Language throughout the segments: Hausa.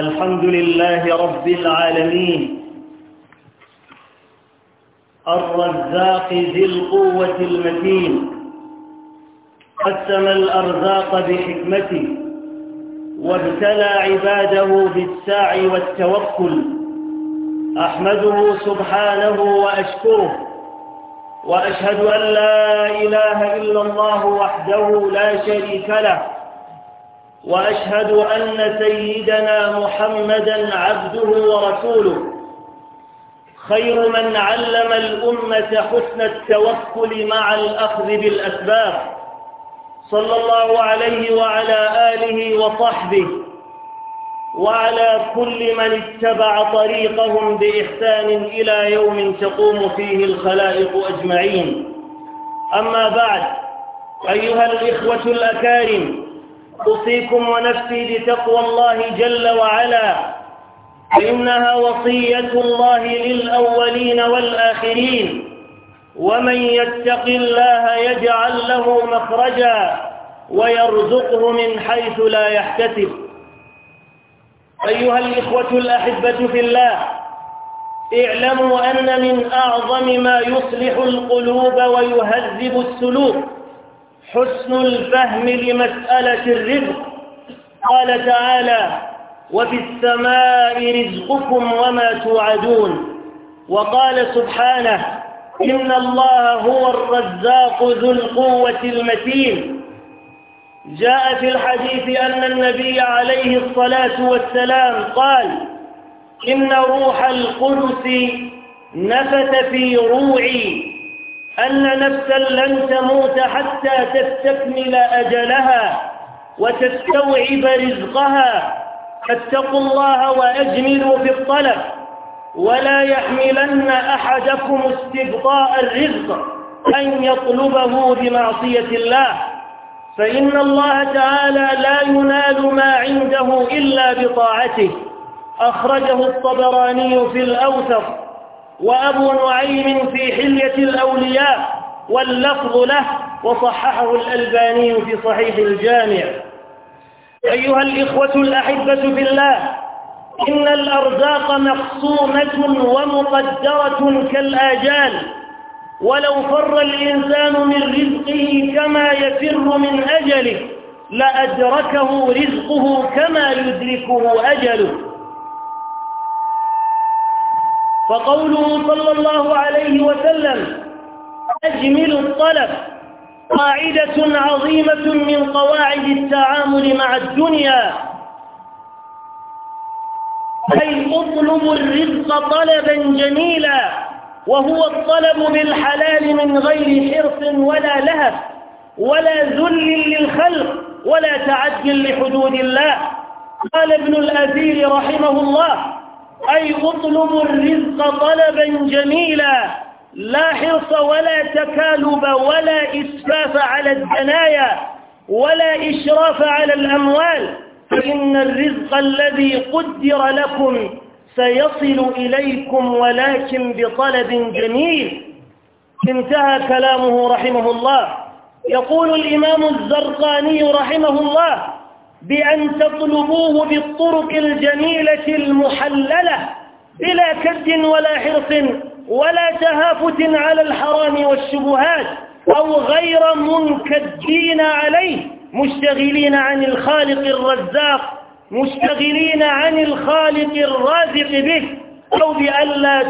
الحمد لله رب العالمين الرزاق ذي القوة المتين قسم الأرزاق بحكمته وابتلى عباده بالسعي والتوكل أحمده سبحانه وأشكره وأشهد أن لا إله إلا الله وحده لا شريك له وأشهد أن سيدنا محمدا عبده ورسوله خير من علم الأمة حسن التوكل مع الأخذ بالأسباب صلى الله عليه وعلى آله وصحبه وعلى كل من اتبع طريقهم بإحسان إلى يوم تقوم فيه الخلائق أجمعين أما بعد أيها الإخوة الأكارم أوصيكم ونفسي بتقوى الله جل وعلا إنها وصية الله للأولين والآخرين ومن يتق الله يجعل له مخرجا ويرزقه من حيث لا يحتسب أيها الإخوة الأحبة في الله اعلموا أن من أعظم ما يصلح القلوب ويهذب السلوك حسن الفهم لمسألة الرزق قال تعالى وفي السماء رزقكم وما توعدون وقال سبحانه إن الله هو الرزاق ذو القوة المتين جاء في الحديث أن النبي عليه الصلاة والسلام قال إن روح القدس نفث في روعي أن نفسا لن تموت حتى تستكمل أجلها وتستوعب رزقها فاتقوا الله وأجملوا في الطلب ولا يحملن أحدكم استبقاء الرزق أن يطلبه بمعصية الله فإن الله تعالى لا ينال ما عنده إلا بطاعته أخرجه الطبراني في الأوثق وأبو نعيم في حلية الأولياء واللفظ له وصححه الألباني في صحيح الجامع أيها الإخوة الأحبة في الله إن الأرزاق مقسومة ومقدرة كالآجال ولو فر الإنسان من رزقه كما يفر من أجله لأدركه رزقه كما يدركه أجله فقوله صلى الله عليه وسلم أجمل الطلب قاعدة عظيمة من قواعد التعامل مع الدنيا أي اطلب الرزق طلبا جميلا وهو الطلب بالحلال من غير حرص ولا لهف ولا ذل للخلق ولا تعد لحدود الله قال ابن الأثير رحمه الله أي اطلبوا الرزق طلبا جميلا لا حرص ولا تكالب ولا إسفاف على الدنايا ولا إشراف على الأموال فإن الرزق الذي قدر لكم سيصل إليكم ولكن بطلب جميل انتهى كلامه رحمه الله يقول الإمام الزرقاني رحمه الله بأن تطلبوه بالطرق الجميلة المحللة بلا كد ولا حرص ولا تهافت على الحرام والشبهات أو غير منكدين عليه مشتغلين عن الخالق الرزاق مشتغلين عن الخالق الرازق به أو بألا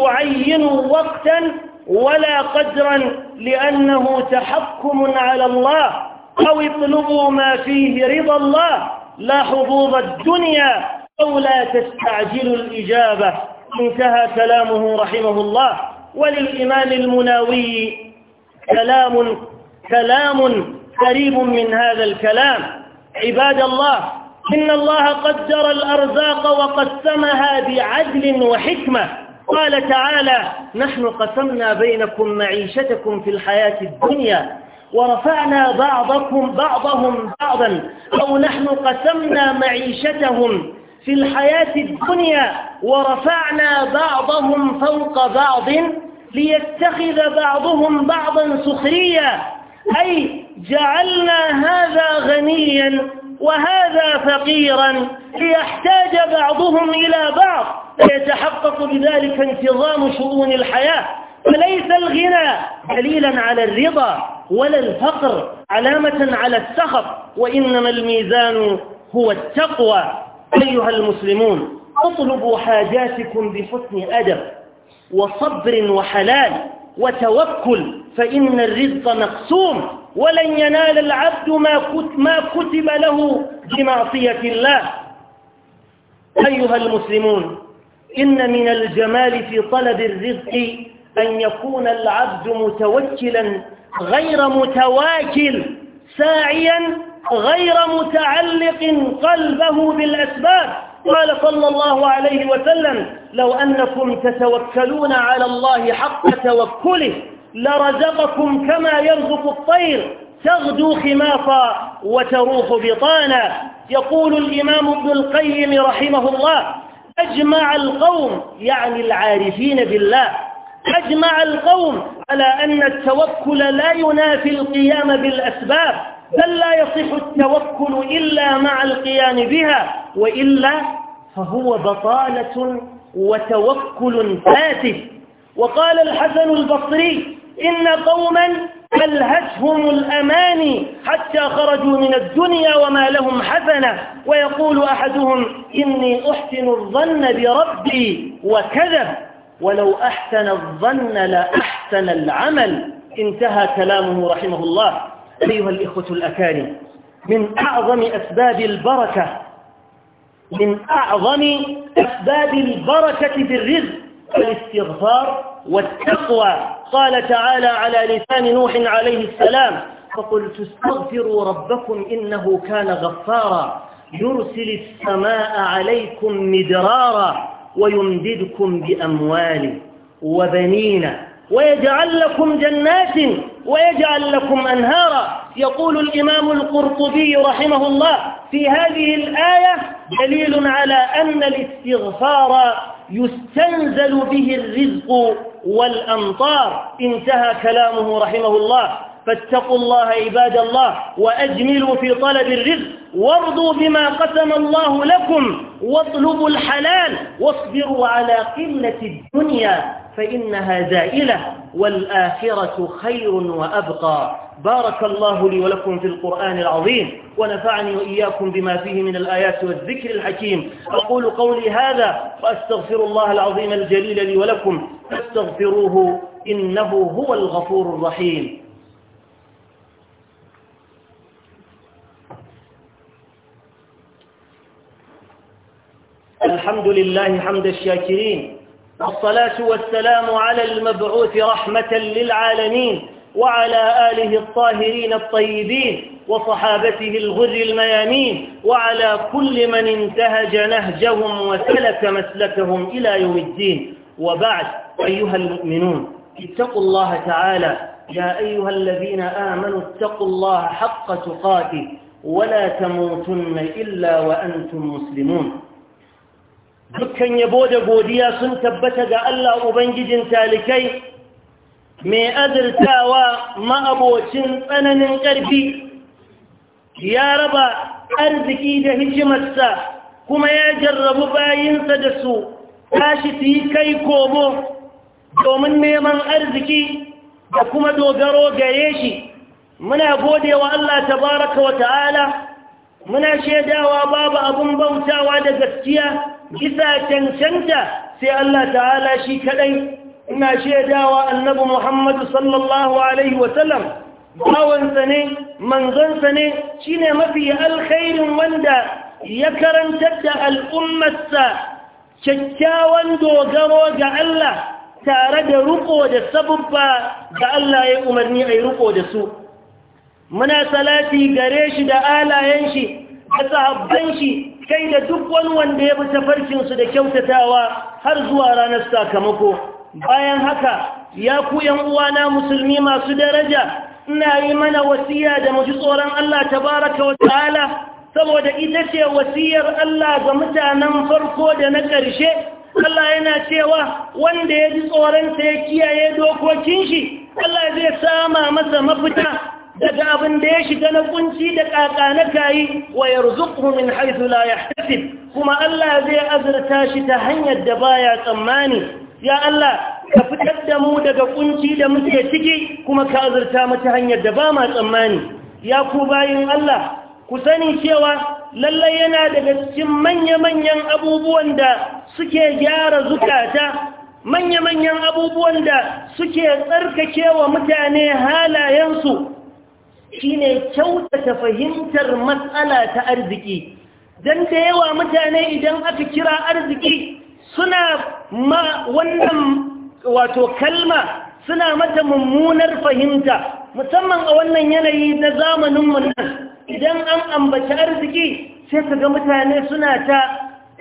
تعينوا وقتا ولا قدرا لأنه تحكم على الله أو اطلبوا ما فيه رضا الله لا حظوظ الدنيا أو لا تستعجلوا الإجابة انتهى كلامه رحمه الله وللإمام المناوي كلام كلام قريب من هذا الكلام عباد الله إن الله قدر الأرزاق وقسمها بعدل وحكمة قال تعالى نحن قسمنا بينكم معيشتكم في الحياة الدنيا ورفعنا بعضكم بعضهم بعضا أو نحن قسمنا معيشتهم في الحياة الدنيا ورفعنا بعضهم فوق بعض ليتخذ بعضهم بعضا سخريا أي جعلنا هذا غنيا وهذا فقيرا ليحتاج بعضهم إلى بعض فيتحقق بذلك انتظام شؤون الحياة فليس الغنى دليلا على الرضا ولا الفقر علامة على السخط وإنما الميزان هو التقوى أيها المسلمون اطلبوا حاجاتكم بحسن أدب وصبر وحلال وتوكل فإن الرزق مقسوم ولن ينال العبد ما كتب له بمعصية الله أيها المسلمون إن من الجمال في طلب الرزق أن يكون العبد متوكلا غير متواكل ساعيا غير متعلق قلبه بالأسباب قال صلى الله عليه وسلم لو أنكم تتوكلون على الله حق توكله لرزقكم كما يرزق الطير تغدو خماصا وتروح بطانا يقول الإمام ابن القيم رحمه الله أجمع القوم يعني العارفين بالله أجمع القوم على أن التوكل لا ينافي القيام بالأسباب بل لا يصح التوكل إلا مع القيام بها وإلا فهو بطالة وتوكل فاتح وقال الحسن البصري إن قوما ألهتهم الأماني حتى خرجوا من الدنيا وما لهم حسنة ويقول أحدهم إني أحسن الظن بربي وكذب ولو أحسن الظن لأحسن العمل انتهى كلامه رحمه الله أيها الإخوة الأكارم من أعظم أسباب البركة من أعظم أسباب البركة في الرزق الاستغفار والتقوى قال تعالى على لسان نوح عليه السلام فقلت استغفروا ربكم إنه كان غفارا يرسل السماء عليكم مدرارا ويمددكم بأموال وبنين ويجعل لكم جنات ويجعل لكم أنهارا يقول الإمام القرطبي رحمه الله في هذه الآية دليل على أن الاستغفار يستنزل به الرزق والأمطار انتهى كلامه رحمه الله فاتقوا الله عباد الله وأجملوا في طلب الرزق وارضوا بما قسم الله لكم واطلبوا الحلال واصبروا على قلة الدنيا فإنها زائلة والآخرة خير وأبقى بارك الله لي ولكم في القرآن العظيم ونفعني وإياكم بما فيه من الآيات والذكر الحكيم أقول قولي هذا وأستغفر الله العظيم الجليل لي ولكم فاستغفروه إنه هو الغفور الرحيم الحمد لله حمد الشاكرين والصلاة والسلام على المبعوث رحمة للعالمين وعلى آله الطاهرين الطيبين وصحابته الغر الميامين وعلى كل من انتهج نهجهم وسلك مسلكهم إلى يوم الدين وبعد أيها المؤمنون اتقوا الله تعالى يا أيها الذين آمنوا اتقوا الله حق تقاته ولا تموتن إلا وأنتم مسلمون dukkan yabo da godiya sun tabbata ga Allah Ubangijin talikai mai azurtawa ma'abocin tsananin ƙarfi ya raba arziki da hikimarsa kuma ya jarrabu bayinsa da su tashi su yi kai komo domin neman arziki da kuma dogaro gare shi muna godewa Allah tabaraka wa ta'ala muna shaidawa babu abin bautawa da gaskiya Isa cancanta sai Allah ta'ala shi kadai ina shaidawa annabi Muhammad sallallahu alaihi wasallam bawansa ne manzonsa ne shine mafi alkhairin wanda ya karantar da al'ummarsa kyakkyawan dogaro ga Allah tare da ruko da sabubba ga Allah ya umarni a yi ruko da su muna salati gare shi da alayen shi da shi kai da duk wani wanda ya bi tafarkinsu da kyautatawa har zuwa ranar sakamako bayan haka ya ku uwana musulmi masu daraja ina yi mana wasiya da muji tsoron Allah ta wa ta'ala saboda ita ce wasiyar Allah ga mutanen farko da na ƙarshe Allah yana cewa wanda ya ji tsoronsa ya kiyaye dokokin shi Allah zai sama masa mafita daga abin da ya shiga na kunci da ƙaƙa na kayi wa yarzuqhu min haifu la kuma Allah zai azurta shi ta hanyar da baya tsammani ya Allah ka fitar da mu daga kunci da muke ciki kuma ka azurta mu ta hanyar da ba ma tsammani ya ku bayin Allah ku sani cewa lallai yana daga cikin manya-manyan abubuwan da suke gyara zukata manya-manyan abubuwan da suke tsarkake wa mutane halayensu shine kyautata fahimtar matsala ta arziki don da yawa mutane idan aka kira arziki suna ma wannan wato kalma suna mata mummunar fahimta musamman a wannan yanayi na zamaninmu nan idan an ambaci arziki sai su ga mutane suna ta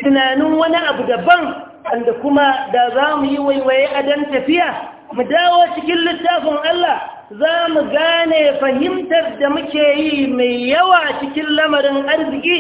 tunanin wani abu daban wanda kuma da za mu yi waiwaye a dan tafiya mu dawo cikin littafin Allah za mu gane fahimtar da muke yi mai yawa cikin lamarin arziki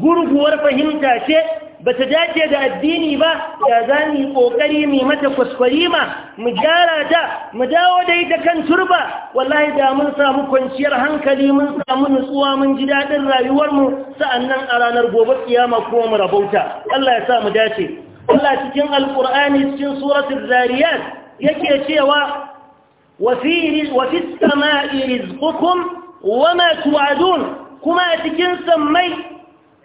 gurguwar fahimta ce ba ta dace da addini ba Ya za mu yi ƙoƙari mai mata kwaskwarima mu gyara ta mu dawo da ita kan turba wallahi da mun samu kwanciyar hankali mun samu nutsuwa mun ji daɗin rayuwarmu sa'annan a ranar gobe kiyama kuma mu rabauta Allah ya sa mu dace Allah cikin alƙur'ani cikin suratul zariyat yake cewa وفي, وفي السماء رزقكم وما توعدون كما أتكين سمي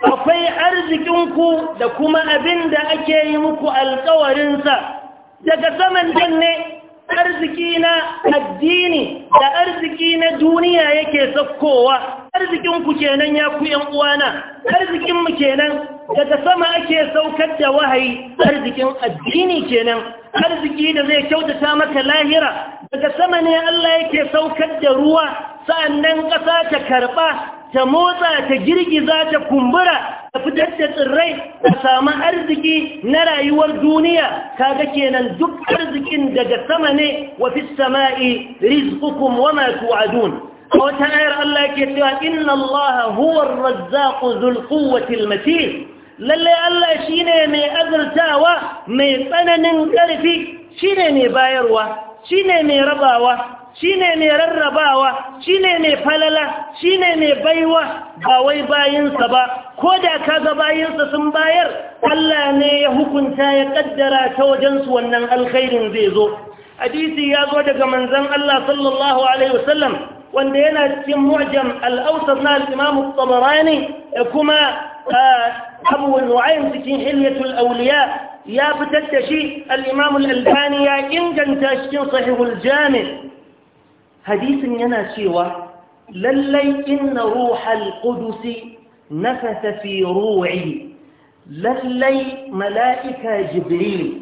أفي أرزكنكو لكما أبند أكيمكو القوارنسا daga saman janne arziki na addini da arziki na duniya yake saukowa arzikin ku kenan ya ku yan uwana arzikin mu kenan daga sama ake saukar da wahayi arzikin addini kenan arziki da zai kyautata maka lahira daga sama ne Allah yake saukar da ruwa sa'annan ƙasa ta karɓa ta motsa ta girgiza ta kumbura ka fitar da tsirrai da samu arziki na rayuwar duniya kaga kenan duk arzikin daga sama ne wa fi sama'i rizqukum wa ma tu'adun wata ayar Allah ke cewa inna Allah huwa ar-razzaqu dhul quwwati al-matin lalle Allah shine mai azurtawa mai tsananin karfi shine mai bayarwa shine mai rabawa ne mai rarrabawa ne mai falala ne mai baiwa ba wai bayinsa ba ko da ga bayinsa sun bayar Allah ne ya hukunta ya kaddara ta wajensu su wannan alkhairin zai zo hadisi ya zo daga manzon Allah sallallahu alaihi wasallam wanda yana cikin mu'jam al-awsat na al-imam at-tabarani kuma abu nu'aym cikin hilyatul awliya ya fitar da shi al-imam al-albani ya inganta cikin sahihul jami' حديث ينا شوى للي إن روح القدس نفث في روعي للي ملائكة جبريل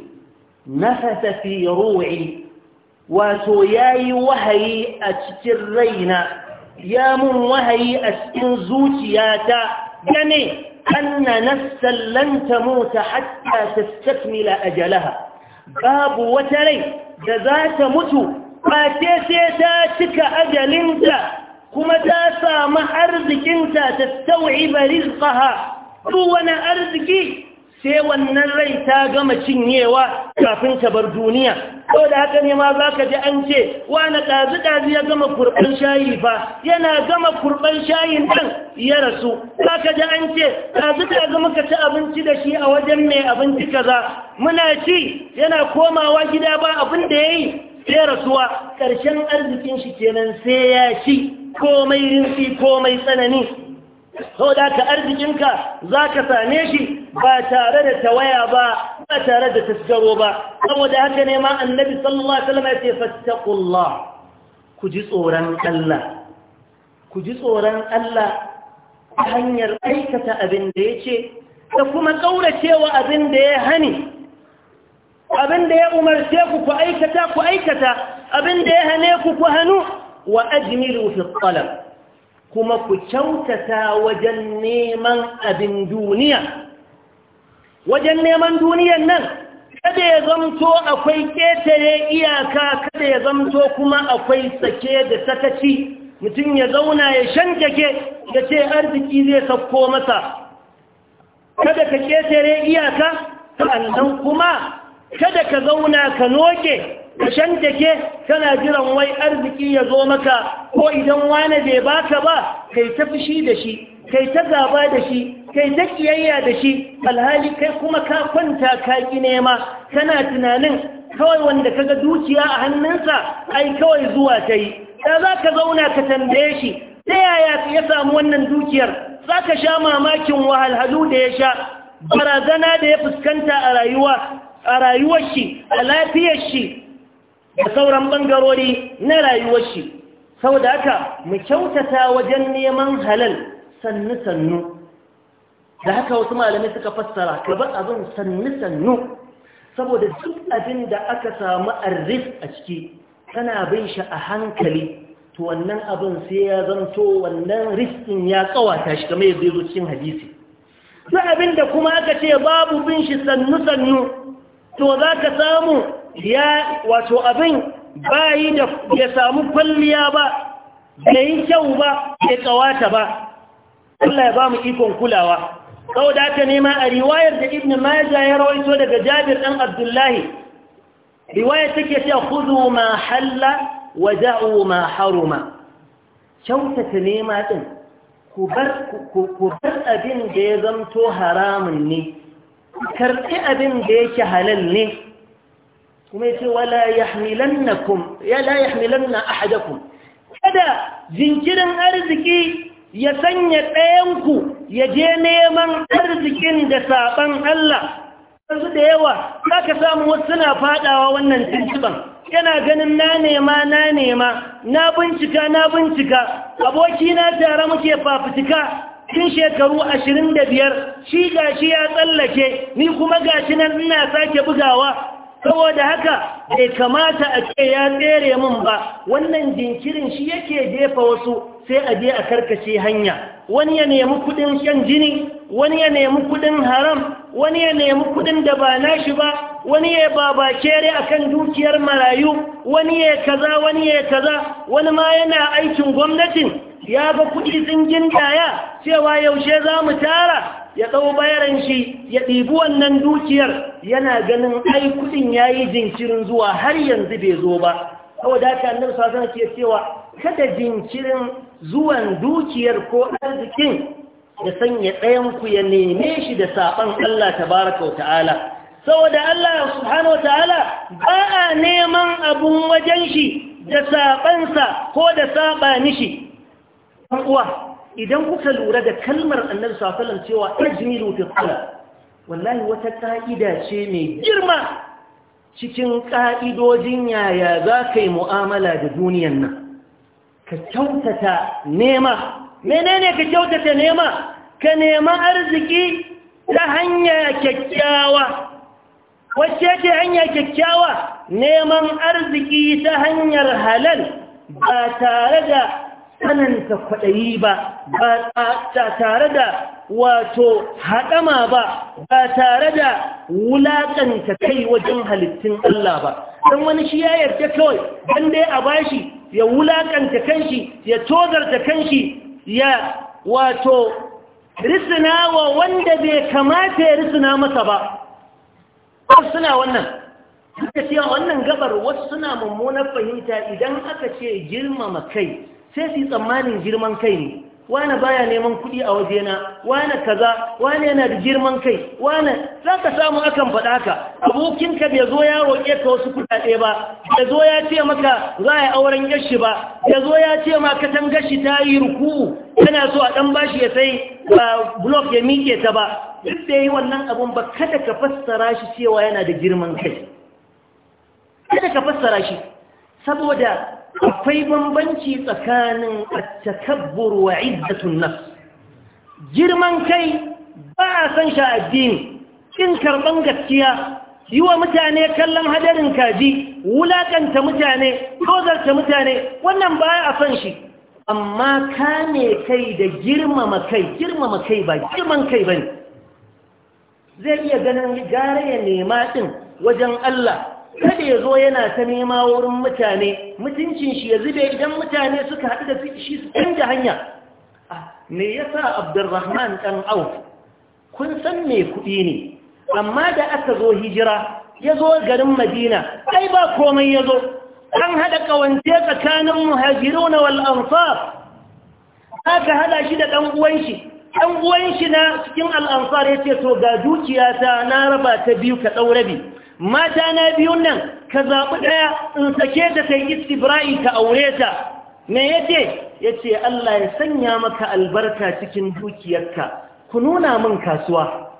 نفث في روعي واتو ياي وهي أتترين يا من وهي أسنزوتياتا يعني أن نفسا لن تموت حتى تستكمل أجلها باب وتري جزات متو face sai ta cika ajalinta kuma ta samu arzikinta ta tau'iba rizqaha duk wani arziki sai wannan rai ta gama cinyewa kafin ta bar duniya ko da haka ne ma za ka ji an ce wani ɗazi-ɗazi ya gama kurɓar shayi fa yana gama kurɓar shayi ɗan ya rasu za ka ji an ce ɗazi-ɗazi muka ci abinci da shi a wajen mai abinci kaza muna ci yana komawa gida ba abin da ya yi sai rasuwa ƙarshen arzikin shi kenan sai ya ci komai rinsi komai tsanani sau da ka arzikinka za ka same shi ba tare da tawaya ba ba tare da tasgaro ba saboda haka ne ma annabi sallallahu alaihi wasallam ya ce fattaqullah ku ji tsoron Allah ku ji tsoron Allah hanyar aikata abin da yace da kuma ƙauracewa abin da ya hani abin da ya umarce ku ku aikata ku aikata abin da ya hane ku ku hannu wa ajmilu fi talab kuma ku kyautata wajen neman abin duniya wajen neman duniyan nan kada ya zamto akwai ketare iyaka kada ya zamto kuma akwai sake da sakaci mutum ya zauna ya shankake ya ce arziki zai sauko masa kada ka ketare iyaka sannan kuma kada ka zauna ka noke ka ke, kana jiran wai arziki ya zo maka ko idan wane bai baka ba kai ta fushi da shi kai ta gaba da shi kai ta kiyayya da shi alhali kai kuma ka kwanta ka ki nema kana tunanin kawai wanda kaga dukiya a hannunsa ai kawai zuwa ta yi da za ka zauna ka tambaye shi ta yaya ya samu wannan dukiyar za ka sha mamakin wahalhalu da ya sha barazana da ya fuskanta a rayuwa a rayuwar shi a lafiyar shi da sauran bangarori na rayuwar shi saboda haka mu kyautata wajen neman halal sannu sannu da haka wasu malamai suka fassara ka ba abin sannu sannu saboda duk abin da aka samu arzik a ciki kana bin shi a hankali to wannan abin sai ya zanto wannan rikin ya kawata shi kamar yadda ya zo cikin hadisi duk abin da kuma aka ce babu bin shi sannu sannu to za ka samu ya wato abin bayi da ya samu kwalliya ba da yi kyau ba ya kawata ba Allah ya ba mu ikon kulawa kawo da aka nema a riwayar da ibn maja ya rawaito daga jabir ɗan abdullahi riwayar take ce kudu ma halla wa da'u ma haruma kyautata nema ɗin ku bar abin da ya zamto haramun ne karɓi abin da yake halal ne kuma yake wala ya la yahmilanna ahadakum kada jinkirin arziki ya sanya ɗayanku ya je neman arzikin da saɓan Allah yanzu da yawa za ka samu wasu suna fadawa wannan tuntuban yana ganin na nema na nema na bincika na bincika abokina tare muke fafutuka tun shekaru ashirin da biyar shi ga shi ya tsallake ni kuma ga shi nan ina sake bugawa saboda haka bai kamata a ce ya tsere min ba wannan jinkirin shi yake jefa wasu sai a je a karkace hanya wani ya nemi kudin shan jini wani ya nemi kudin haram wani ya nemi kudin da ba nashi ba wani ya baba kere kan dukiyar marayu wani ya kaza wani ya kaza wani ma yana aikin gwamnatin ya ga kuɗi sun gindaya cewa yaushe za mu tara ya ɗau bayaran shi ya ɗibi wannan dukiyar yana ganin ai kuɗin ya yi jinkirin zuwa har yanzu bai zo ba kawai da annar sasana ke cewa kada jinkirin zuwan dukiyar ko arzikin da sanya ɗayan ku ya neme shi da saɓan Allah ta baraka wa ta'ala saboda Allah subhanahu wa ta'ala ba a neman abun wajen shi da saɓansa ko da saɓa mishi. uwa idan kuka lura da kalmar annabi sallallahu cewa ajmilu fi talab wallahi wata ka'ida ce mai girma cikin ƙa'idojin yaya za ka yi mu'amala da duniyan nan ka kyautata nema menene ka kyautata nema ka nema arziki ta hanya kyakkyawa wacce ce hanya kyakkyawa neman arziki ta hanyar halal ba tare da tsananta kwaɗayi ba ba tare da wato haɗama ba ba tare da wulaƙanta kai wajen halittun Allah ba don wani shi ya yarda kawai don dai a bashi ya wulaƙanta kanshi ya tozarta kanshi ya wato risina wa wanda bai kamata ya risina masa ba suna wannan suka ce wannan gabar wasu suna mummunar fahimta idan aka ce girmama kai sai su yi tsammanin girman kai ne wane baya neman kuɗi a wajena wane kaza wane yana da girman kai wane za ka samu akan faɗa ka abokinka bai zo ya roƙe ka wasu kuɗaɗe ba bai zo ya ce maka za a yi auren gashi ba bai zo ya ce ma katangar shi ta yi ruku tana so a ɗan bashi ya sai ba blok ya miƙe ta ba duk da yi wannan abun ba kada ka fassara shi cewa yana da girman kai kada ka fassara shi saboda akwai bambanci tsakanin takabbur wa iddatun nafs girman kai ba a san sha addini kin karban gaskiya yi wa mutane kallon hadarin kaji wulakanta mutane tozarta mutane wannan ba a san shi amma kame kai da girmama kai girmama kai ba girman kai bane zai iya ganin gara ya nema din wajen Allah kada ya zo yana ta nema wurin mutane mutuncin shi ya zube idan mutane suka haɗu da shi su canza hanya me yasa abdurrahman ɗan au? kun san me kuɗi ne amma da aka zo hijira ya zo garin madina ai ba komai ya zo an haɗa ƙawance tsakanin muhajiru na wal'amfar aka haɗa shi da ɗan'uwan shi uwan shi na cikin al'amfar ya ce to ga dukiya ta na raba ta biyu ka ɗaurabi mata na biyun nan ka zaɓi ɗaya in sake da ta yi istibra'i ka aure ta me ya ce ya ce Allah ya sanya maka albarka cikin dukiyarka ku nuna min kasuwa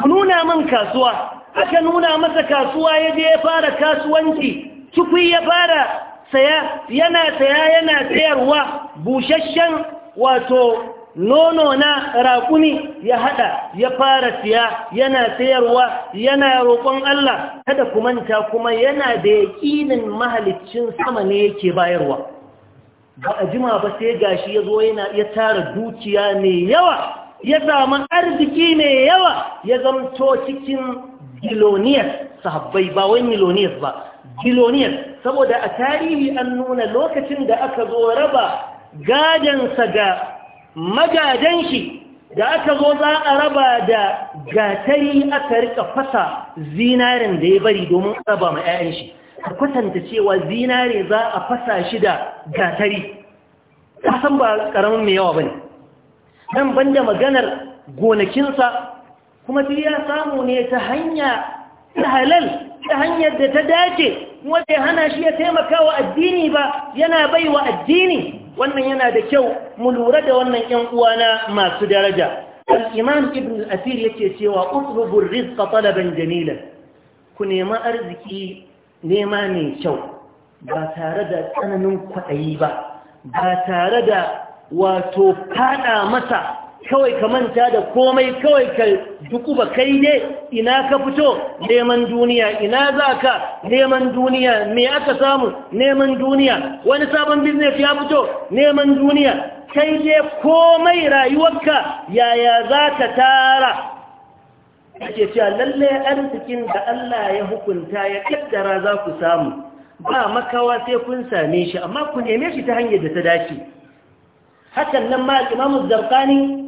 ku nuna min kasuwa aka nuna masa kasuwa ya je ya fara kasuwanci tukui ya fara saya yana saya yana sayarwa busasshen wato nono na raƙumi ya haɗa ya fara siya yana sayarwa yana roƙon Allah kada ku manta kuma yana da yaƙinin mahaliccin sama ne yake bayarwa ba a jima ba sai gashi ya zo yana ya tara dukiya mai yawa ya samu arziki mai yawa ya zamto cikin biloniyar sahabbai ba wai miloniyar ba giloniyas. saboda a tarihi an nuna lokacin da aka zo raba gajansa ga magadan shi da aka zo za a raba da gatari aka rika fasa zinarin da ya bari domin raba ma 'ya'yan shi ka kwatanta cewa zinare za a fasa shi da gatari kasan ba karamin mai yawa ba ne nan da maganar gonakinsa kuma sai ya samu ne ta hanya ta halal ta hanyar da ta dace wadda ya hana shi ya taimaka wa addini ba yana bai wa addini wannan yana da kyau mu lura da wannan ƴan uwana masu daraja al-imam ibn al-asir yake cewa utlubu rizqa talaban jamilan ku nema arziki nema mai kyau ba tare da tsananin kwaɗayi ba ba tare da wato fada masa kawai ka manta da komai kawai ka dukuba kai ne ina ka fito neman duniya ina za ka neman duniya me aka samu neman duniya wani sabon business ya fito neman duniya kai ne komai rayuwarka yaya za ka tara ake cewa lalle arzikin da Allah ya hukunta ya kaddara za ku samu ba makawa sai kun same shi amma ku neme shi ta hanyar da ta dace hakan nan ma imamu zarqani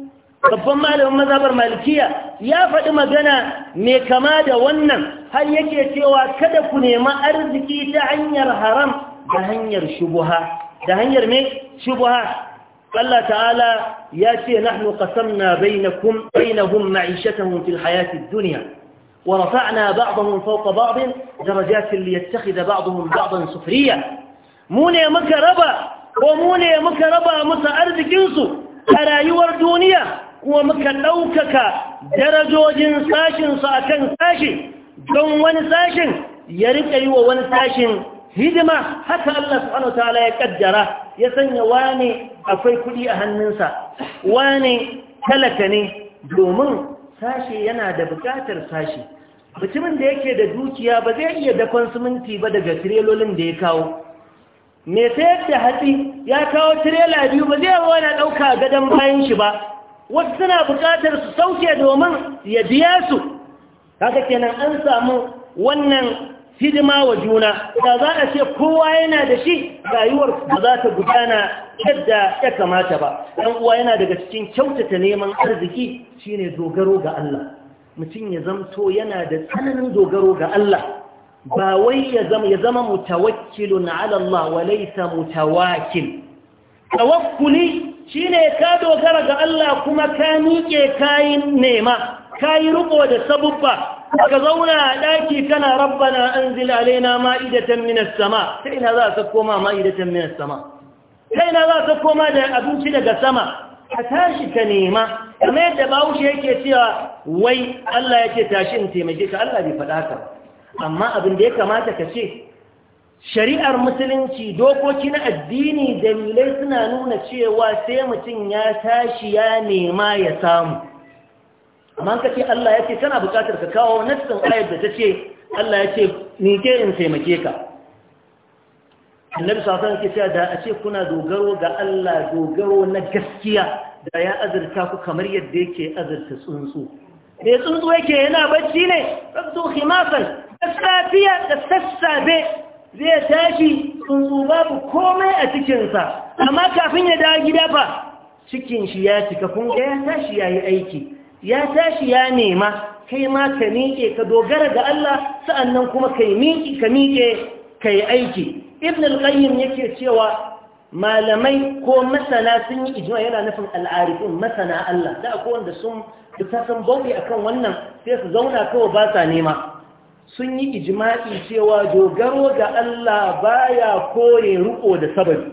babban malamin mazhabar malikiya ya faɗi magana mai kama da wannan har yake cewa kada ku nemi arziki ta hanyar haram da hanyar shubuha da hanyar me shubuha Allah ta'ala ya ce nahnu qasamna bainakum bainahum ma'ishatahum fil hayati ad-dunya wa rafa'na ba'dahum fawqa ba'd darajatin liyattakhidha ba'dahum ba'dan sufriya mu ne muka raba ko mu ne muka raba musu arzikin su a rayuwar duniya kuma muka ɗaukaka darajojin sashinsu a kan sashi don wani sashin ya riƙa yi wa wani sashin hidima haka Allah subhanahu ta'ala ya ƙaddara ya sanya wane akwai kuɗi a hannunsa wane talaka ne domin sashi yana da buƙatar sashi mutumin da yake da dukiya ba zai iya dakon siminti ba daga tirelolin da ya kawo mai sayar da hatsi ya kawo tirela biyu ba zai wani ɗauka gadon bayan shi ba wasu suna buƙatar su sauke domin ya biya su haka kenan an samu wannan hidima wa juna da za a ce kowa yana da shi rayuwar ba za ta gudana yadda ya kamata ba ɗan uwa yana daga cikin kyautata neman arziki shine dogaro ga Allah mutum ya zamto yana da tsananin dogaro ga Allah ba wai ya zama mutawakkilun ala Allah wa laysa mutawakkil tawakkuli shi ne ka dogara ga Allah kuma ka miƙe kayin nema kayi riko da sabubba ka zauna a ɗaki kana rabbana an zilalaina ma'idatan minas sama ta na za ka koma ma'idatan minas sama ta na za ka koma da abinci daga sama ka tashi ka nema kuma yadda bahaushe yake cewa wai Allah yake tashi in taimake ka Allah bai faɗa ka amma abin da ya kamata ka ce shari'ar musulunci dokoki na addini dalilai suna nuna cewa sai mutum ya tashi ya nema ya samu amma ka ce Allah ya ce kana bukatar ka kawo nassin ayat da ta ce Allah ya ce ni ke in taimake ka annabi sallallahu alaihi wasallam da a ce kuna dogaro ga Allah dogaro na gaskiya da ya azurta ku kamar yadda yake azurta tsuntsu me tsuntsu yake yana bacci ne tsuntsu khimasan da safiya da sassabe zai tashi tsuntsu babu komai a cikinsa amma kafin ya dawo gida fa cikin shi ya cika kun ya tashi ya yi aiki ya tashi ya nema kai ma ka miƙe ka dogara ga Allah sa'annan kuma kai miƙe ka miƙe kai aiki ibn al-qayyim yake cewa malamai ko masana sun yi ijma yana nufin al'arifin masana Allah da akwai wanda sun ta san bauɗi akan wannan sai su zauna kawai ba sa nema sun yi ijima'i cewa dogaro ga Allah baya kore ruko da sabari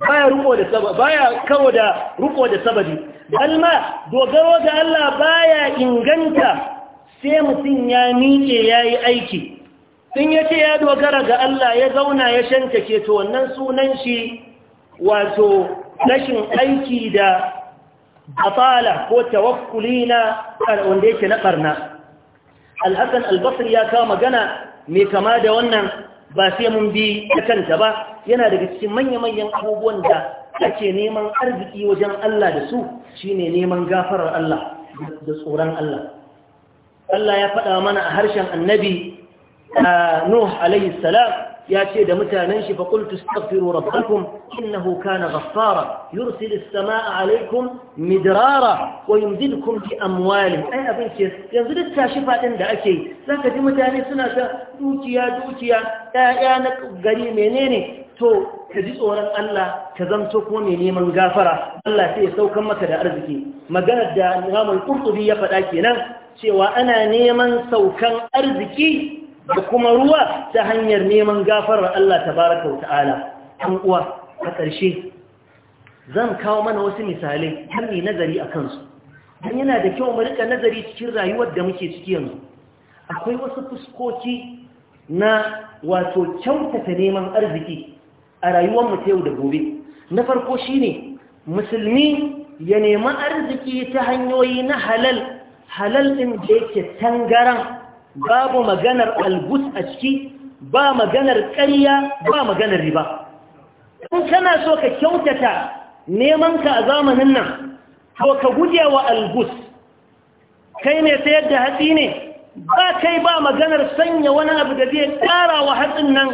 baya ruko da sabari baya kawo da ruko da sabari alma dogaro ga Allah baya inganta sai mutum ya miƙe yayi aiki sun yace ya dogara ga Allah ya zauna ya ke to wannan sunan shi wato rashin aiki da atala ko tawakkuli na wanda yake na karna alhassan albasir ya kawo magana mai kama da wannan ba sai mun bi ta kanta ba yana daga cikin manya-manyan abubuwan da ake neman arziki wajen Allah da su shine neman gafarar Allah da tsoron Allah Allah ya faɗa mana a harshen annabi Nuh alaihi salam ya ce da mutanen shi fa qultu astaghfiru rabbakum innahu kana ghaffara yursilu as-samaa'a 'alaykum midrara wa yumdidukum bi amwalin ai abin ce yanzu duk tashi fadin da ake zaka ji mutane suna ta dukiya dukiya Ya'ya na gari menene to ka ji tsoron Allah ka zamto kuma mai neman gafara Allah sai ya saukar maka da arziki maganar da Imam Qurtubi ya faɗa kenan cewa ana neman saukan arziki da kuma ruwa ta hanyar neman gafarar Allah baraka wa ta'ala an uwa a ƙarshe zan kawo mana wasu misalai har ne nazari a kansu don yana da kyau mu rika nazari cikin rayuwar da muke ciki yanzu akwai wasu fuskoki na wato kyautata neman arziki a rayuwar mu ta yau da gobe na farko shine musulmi ya nemi arziki ta hanyoyi na halal halal ɗin da yake tangaran babu maganar albus a ciki ba maganar ƙarya ba maganar riba in kana so ka kyautata neman ka a zamanin nan ko ka guje wa albus kai ne sayar da hatsi ne ba kai ba maganar sanya wani abu da zai ƙara wa hatsin nan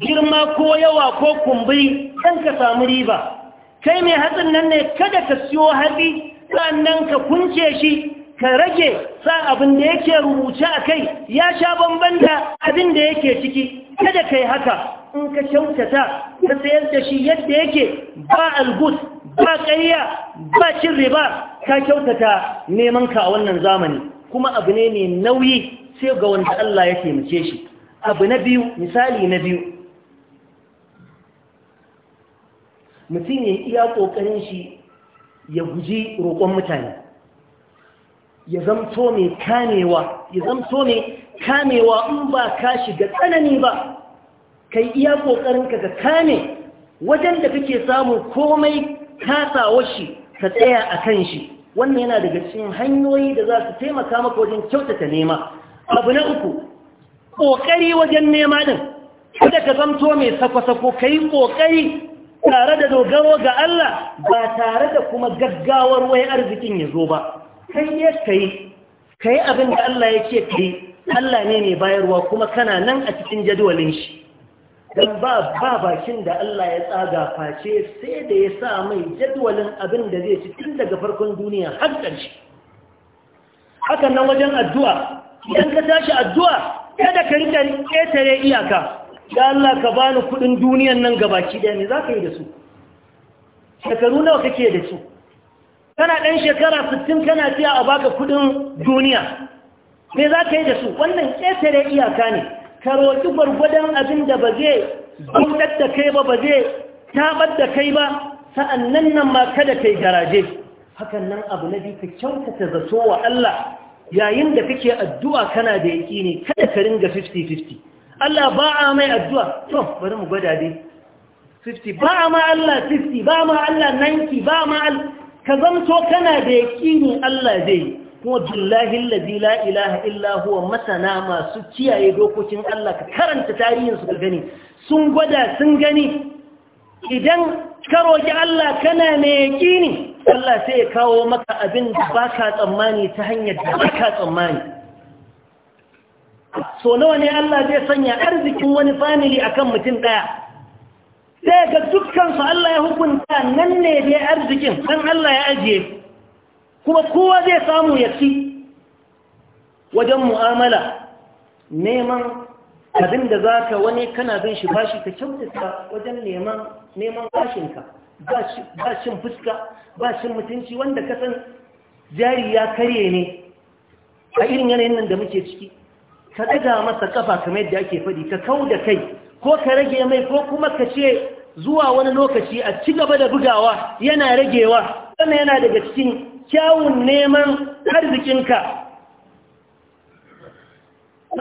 girma ko yawa ko kumburi kan ka samu riba kai mai hatsin nan ne kada ka siyo hatsi sannan ka kunce shi ka rage sa abin da yake rubuce a kai ya sha bamban da abin da yake ciki kada ka yi haka in ka kyautata ka sayar da shi yadda yake ba algus ba ƙayya ba cin riba ka kyautata neman ka a wannan zamani kuma abu ne mai nauyi sai ga wanda Allah ya taimake shi abu na biyu misali na biyu mutum ya iya ƙoƙarin shi ya guji roƙon mutane ya zamto mai kamewa ya zamto mai kamewa in ba ka shiga tsanani ba kai iya ƙoƙarin ka kame wajen da kake samu komai kasawar shi ka tsaya a kan shi wannan yana daga cikin hanyoyi da za su taimaka maka wajen kyautata nema abu na uku ƙoƙari wajen nema ɗin kada ka zamto mai sako-sako ka yi ƙoƙari tare da dogaro ga Allah ba tare da kuma gaggawar wai arzikin ya zo ba kai ne kai kai abin da Allah ya ce kai Allah ne mai bayarwa kuma kana nan a cikin jadwalin shi dan ba ba bakin da Allah ya tsaga face sai da ya sa mai jadwalin abin da zai ci tun daga farkon duniya har ƙarshe hakan nan wajen addu'a idan ka tashi addu'a kada ka rika ƙetare iyaka ya Allah ka bani kuɗin duniyan nan gabaki ɗaya ne za ka yi da su shekaru nawa kake da su kana ɗan shekara sittin kana siya a baka kuɗin duniya me za ka yi da su wannan ƙetare iyaka ne ka roƙi gwargwadon abin da ba zai bautar da kai ba ba zai tabar da kai ba sa'annan nan ma kada kai garaje hakan nan abu na biyu ka kyautata zato wa Allah yayin da kake addu'a kana da yaƙini kada ka ringa 50-50 Allah ba a mai addu'a to bari mu gwada dai 50 ba a ma Allah 50 ba ma Allah 90 ba ma Allah ka zamto kana da yaƙini Allah zai kuma billahi allazi la ilaha illa huwa masana masu kiyaye dokokin Allah ka karanta tarihin su ka gani sun gwada sun gani idan ka Allah kana mai yaƙini Allah sai ya kawo maka abin da baka tsammani ta hanyar da baka tsammani so nawa ne Allah zai sanya arzikin wani family akan mutum daya sai ga dukkansu Allah ya hukunta nan ne dai arzikin dan Allah ya ajiye kuma kowa zai samu ya ci wajen mu'amala neman abin da za ka wani kana bin shi bashi ta kyautata wajen neman bashinka bashin fuska bashin mutunci wanda ka san jari ya karye ne a irin yanayin nan da muke ciki ka daga masa kafa kamar yadda ake faɗi ka kau da kai ko ka rage mai ko kuma ka ce zuwa wani lokaci a ci gaba da bugawa yana ragewa wannan yana daga cikin kyawun neman arzikinka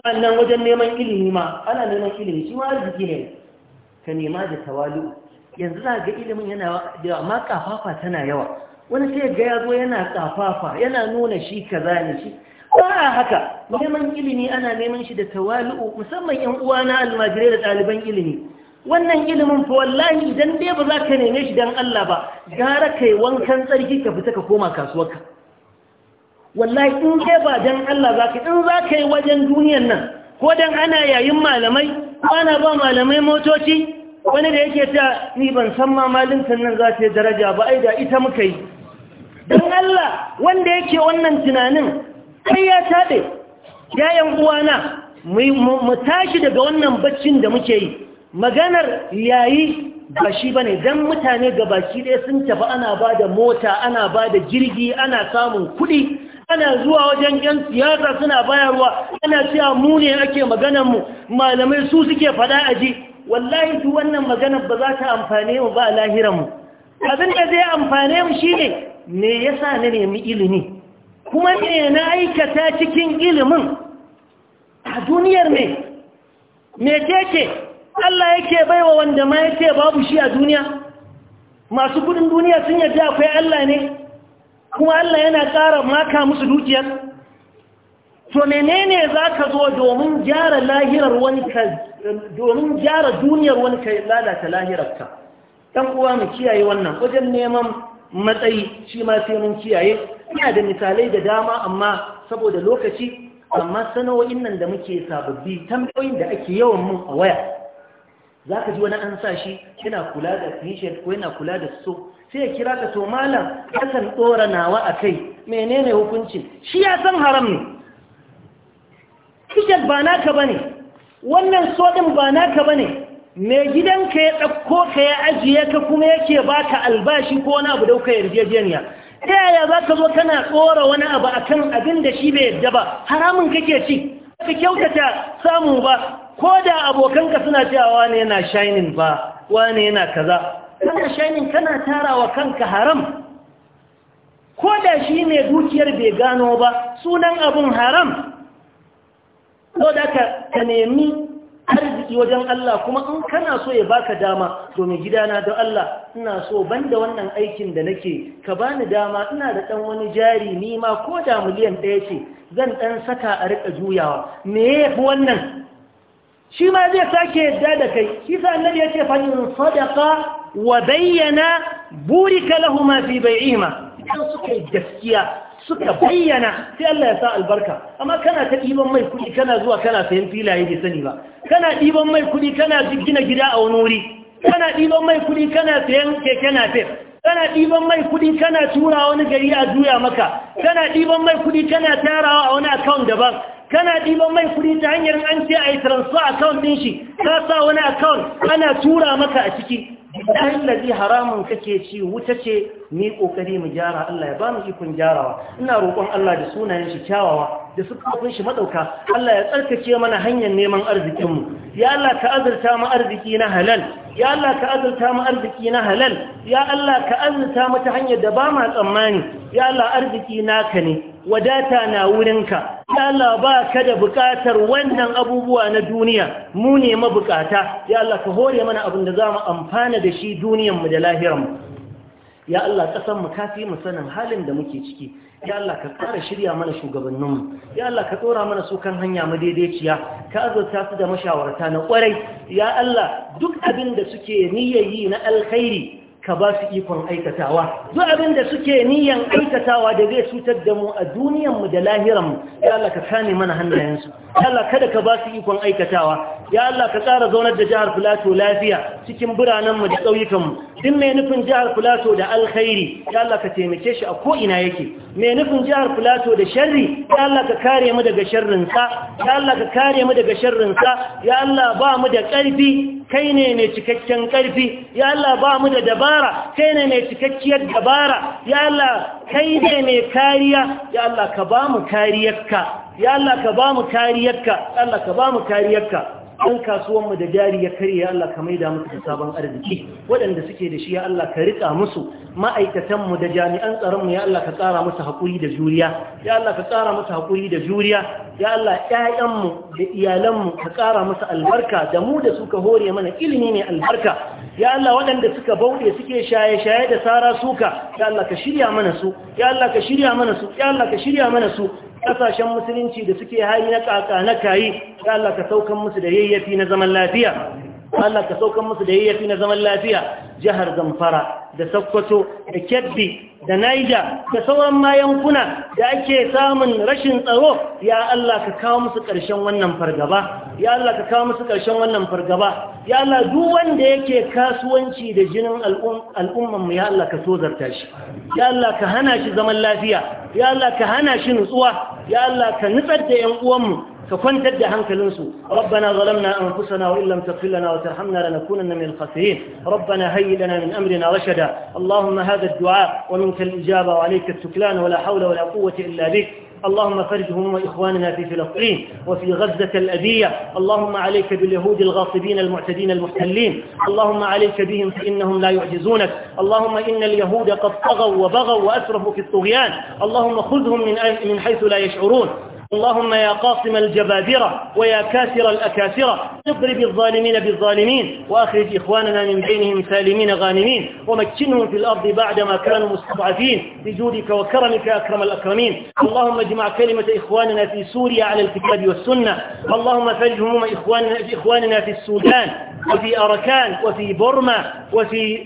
sannan wajen neman ilimi ma ana neman ilimi shi ma arziki ne ka nema da tawalu yanzu za ga ilimin yana yawa Ma kafafa tana yawa wani sai ga yazo yana kafafa yana nuna shi kaza ne shi ba haka neman ilimi ana neman shi da tawali'u, musamman yan uwa na almajirai da ɗaliban ilimi wannan ilimin fa wallahi idan dai ba za ka neme shi dan Allah ba gara kai wankan tsarki ka fita ka koma kasuwarka wallahi in kai ba dan Allah za ka in za ka yi wajen duniyar nan ko dan ana yayin malamai ko ana ba malamai motoci wani da yake ta ni ban san ma malintan nan za ta yi daraja ba ai da ita muka yi Dan Allah wanda yake wannan tunanin kai ya taɓe yayan uwana mu tashi daga wannan baccin da muke yi maganar yayi ba shi ba ne don mutane baki ɗaya sun tafi ana bada mota ana bada jirgi ana samun kuɗi ana zuwa wajen 'yan siyasa suna bayarwa ana cewa mu ne ake maganarmu malamai su suke faɗa a ji wallahi duk wannan maganar ba za ta amfane mu ba a mu. abin da zai amfane mu shine me yasa na nemi ilimi kuma me na aikata cikin ilimin a duniyar ne, me ce Allah yake baiwa wanda ma yake babu shi a duniya masu kudin duniya sun yadda akwai Allah ne kuma Allah yana ƙara maka musu dukiyar to menene zaka zo domin gyara lahirar wani ka domin gyara duniyar wani ka lalata lahirarka dan uwa mu kiyaye wannan wajen neman matsayi shi ma sai mun kiyaye ina da misalai da dama amma saboda lokaci amma sana'o'in nan da muke sababbi tambayoyin da ake yawan mun a waya za ka ji wani an sa shi yana kula da finishin ko yana kula da so sai ya kira ka to malam kasan tsora nawa a kai menene hukunci? shi ya san haram ne t ba naka ba ne wannan so ɗin ba naka ba ne mai gidanka ya ɗauko ka ya ajiye ka kuma yake baka albashi ko wani abu dauka yarjejeniya ta yaya za ka zo kana tsora wani abu a kan abin da shi bai yarda ba haramun kake ci ka kyautata samu ba ko da abokanka suna cewa wane yana shining ba wane yana kaza kana shining kana tara wa kanka haram ko da shi mai dukiyar bai gano ba sunan abun haram ko da ka nemi arziki wajen Allah kuma in kana so ya baka dama domin gidana don Allah ina so banda wannan aikin da nake ka bani dama ina da dan wani jari ni ma ko da miliyan ɗaya ce zan dan saka a rika juyawa me yafi wannan shi ma zai sake yadda da kai shi sa annabi ya ce fa in sadaqa wa bayyana burika lahumu fi bai'ihima idan suka yi gaskiya suka bayyana sai Allah ya sa albarka amma kana ta ɗiban mai kuɗi kana zuwa kana sayan filaye bai sani ba kana ɗiban mai kuɗi kana gina gida a wani wuri kana ɗiban mai kuɗi kana sayan keke napep kana ɗiban mai kuɗi kana tura wani gari a juya maka kana ɗiban mai kuɗi kana tarawa a wani account daban kana ɗiban mai kuɗi ta hanyar an ce a yi transfer account ɗin shi ka sa wani account ana tura maka a ciki billahi haramun kake ci wuta ce ni kokari mu gyara Allah ya bamu ikon gyarawa ina roƙon Allah da sunayen shi kyawawa da sufofin shi madauka Allah ya tsarkake mana hanyar neman arzikin mu ya Allah ka azurta mu arziki na halal ya Allah ka azurta mu arziki na halal ya Allah ka azurta mu ta hanyar da ba ma tsammani ya Allah arziki naka ne wadata na wurinka ya Allah ba ka da buƙatar wannan abubuwa na duniya mu ne mabukata ya Allah ka hore mana abin da za mu amfana da shi duniyanmu da lahiranmu ya Allah ƙasanmu ka fi mu sanin halin da muke ciki ya Allah ka ƙara shirya mana shugabanninmu ya Allah ka tsora mana su kan hanya madaidaiciya ka azurta su da mashawarta na ƙwarai ya Allah duk abin da suke yi na alkhairi ka ba su ikon aikatawa duk abin da suke niyan aikatawa da zai cutar da mu a duniyanmu da lahiranmu ya Allah ka kame mana hannayensu ya Allah kada ka ba su ikon aikatawa ya Allah ka tsara zaunar da jihar Filato lafiya cikin biranenmu da ƙauyukanmu din mai nufin jihar filato da alkhairi ya Allah ka taimake shi a ko'ina yake mai nufin jihar filato da sharri ya Allah ka kare mu daga sharrinsa ya Allah ka kare mu daga sharrinsa ya Allah ba mu da ƙarfi kai ne mai cikakken ƙarfi ya Allah ba mu da dabara kai ne mai cikakkiyar dabara ya Allah kai ne mai kariya ya Allah ka ba mu kariyarka ya Allah ka ba mu kariyarka Allah ka ba mu kariyarka an kasuwanmu da jari ya karya. ya Allah ka maida musu da sabon arziki waɗanda suke da shi ya Allah ka rika musu ma'aikatanmu da jami'an tsaronmu ya Allah ka tsara musu haƙuri da juriya ya Allah ka tsara musu haƙuri da juriya ya Allah ƴaƴanmu da iyalanmu ka tsara musu albarka da mu da suka hore mana ilimi ne albarka ya Allah waɗanda suka bauɗe suke shaye-shaye da sara suka ya Allah ka shirya mana su ya Allah ka shirya mana su ya Allah ka shirya mana su kasashen musulunci da suke hali na kaka na kayi ya Allah ka saukan musu da yayyafi na zaman lafiya Allah ka saukan musu da yayyafi na zaman lafiya jihar Zamfara da Sokoto da Kebbi da Niger da sauran ma yankuna da ake samun rashin tsaro ya Allah ka kawo musu ƙarshen wannan fargaba ya Allah ka kawo musu ƙarshen wannan fargaba ya Allah duk wanda yake kasuwanci da jinin al'umman mu ya Allah ka sozarta shi ya Allah ka hana shi zaman lafiya ya Allah ka hana shi nutsuwa ya Allah ka nutsar da ƴan uwanmu فكن أدى عنك الأنسو ربنا ظلمنا أنفسنا وإن لم تغفر لنا وترحمنا لنكونن من الخاسرين ربنا هي لنا من أمرنا رشدا اللهم هذا الدعاء ومنك الإجابة وعليك التكلان ولا حول ولا قوة إلا بك اللهم فرج هموم إخواننا في فلسطين وفي غزة الأذية اللهم عليك باليهود الغاصبين المعتدين المحتلين اللهم عليك بهم فإنهم لا يعجزونك اللهم إن اليهود قد طغوا وبغوا وأسرفوا في الطغيان اللهم خذهم من من حيث لا يشعرون اللهم يا قاصم الجبابرة ويا كاسر الأكاسرة اضرب الظالمين بالظالمين وأخرج إخواننا من بينهم سالمين غانمين ومكنهم في الأرض بعدما كانوا مستضعفين بجودك وكرمك أكرم الأكرمين اللهم اجمع كلمة إخواننا في سوريا على الكتاب والسنة اللهم فرج هموم إخواننا في السودان وفي أركان وفي بورما وفي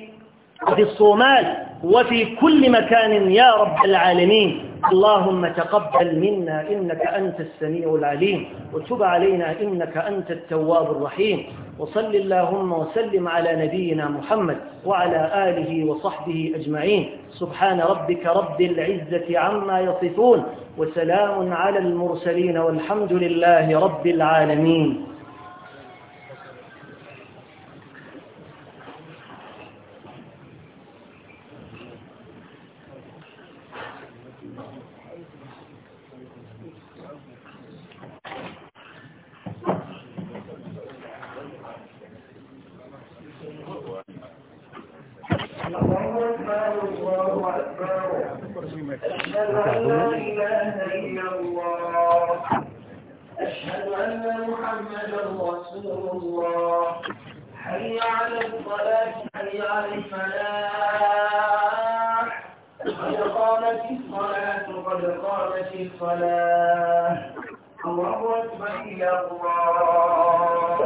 في الصومال وفي كل مكان يا رب العالمين اللهم تقبل منا إنك أنت السميع العليم وتب علينا إنك أنت التواب الرحيم وصل اللهم وسلم على نبينا محمد وعلى آله وصحبه أجمعين سبحان ربك رب العزة عما يصفون وسلام على المرسلين والحمد لله رب العالمين